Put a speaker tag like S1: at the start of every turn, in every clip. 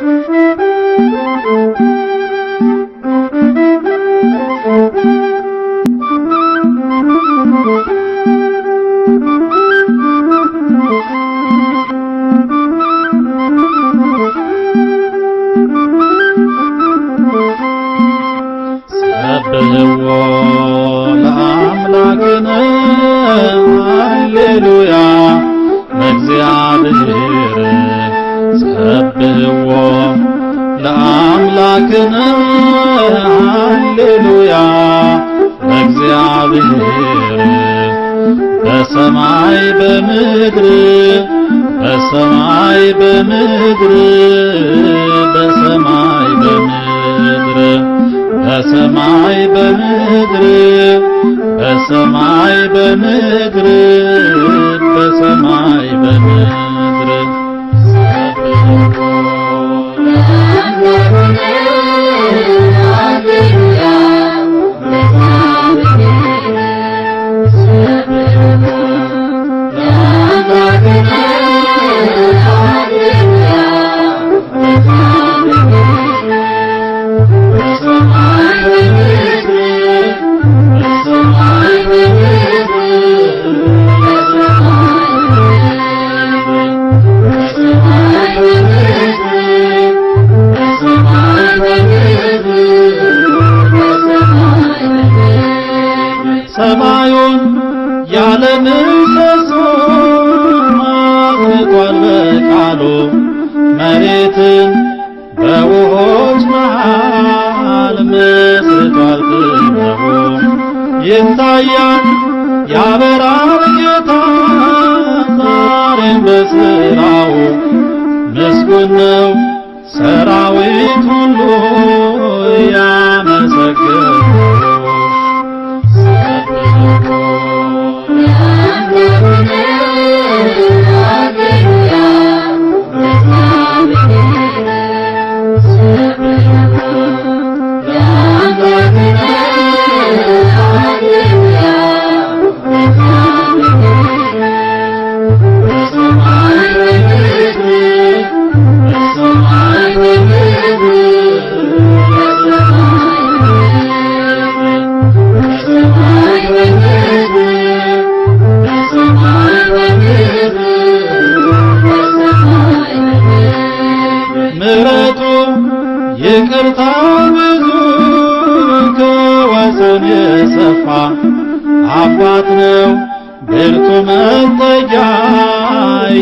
S1: Mm-hmm. በሰማይ በምድር በሰማይ በምድር በሰማይ በምድር በሰማይ በምድር በሰማይ በምድር በሰማይ በምድር ይታያል ያበራል ጌታ ዛሬም በሥራው ምስጉን ነው ሰራዊት ሁሉ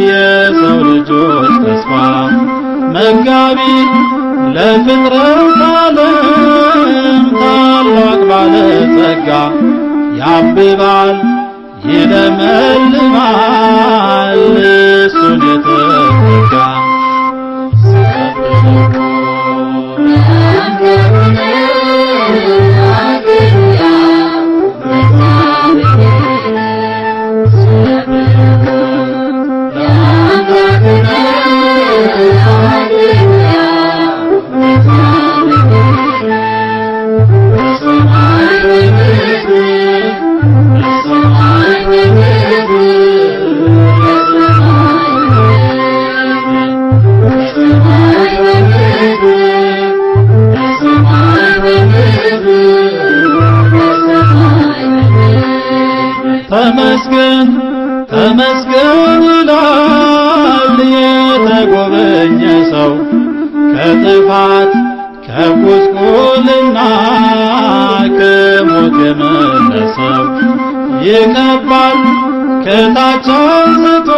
S1: የሰው ልጆች ተስፋ መጋቢት ለፍጥረት ዓለም ታላቅ ያብባል ይለመልማል እሱን የተ የጎበኘ ሰው ከጥፋት ከጉስቁልና ከሞት የመለሰው ይከባል ከታች አንስቶ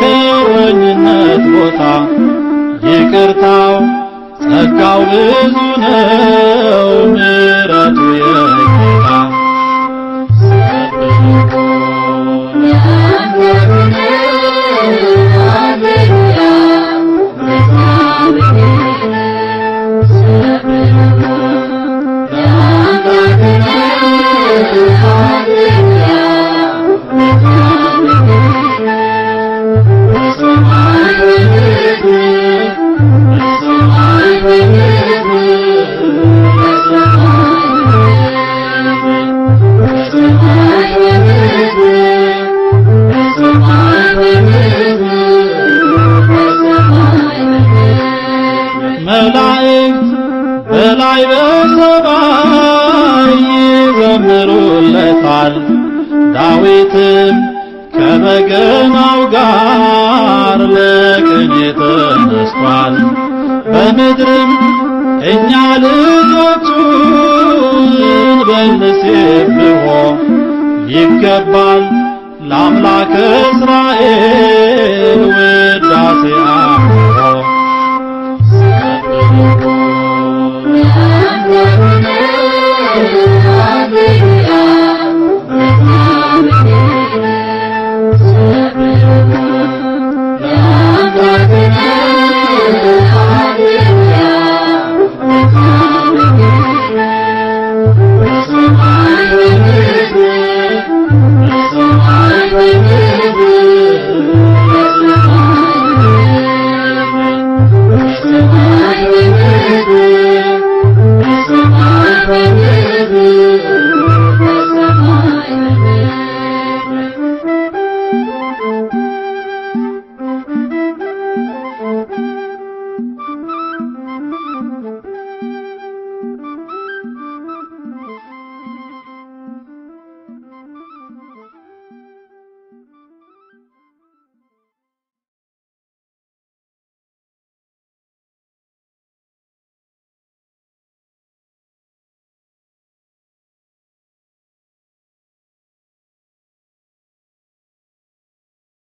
S1: ከእረኝነት ቦታ ይቅርታው ጸጋው ብዙ ነው። መላእክት በላይ በሰማይ ይዘምሩለታል። ዳዊትም ከበገናው ጋር ለቅኔ ተነስቷል። በምድርም እኛ ልጆቹን በንሴብሖ ይገባል ለአምላከ እስራ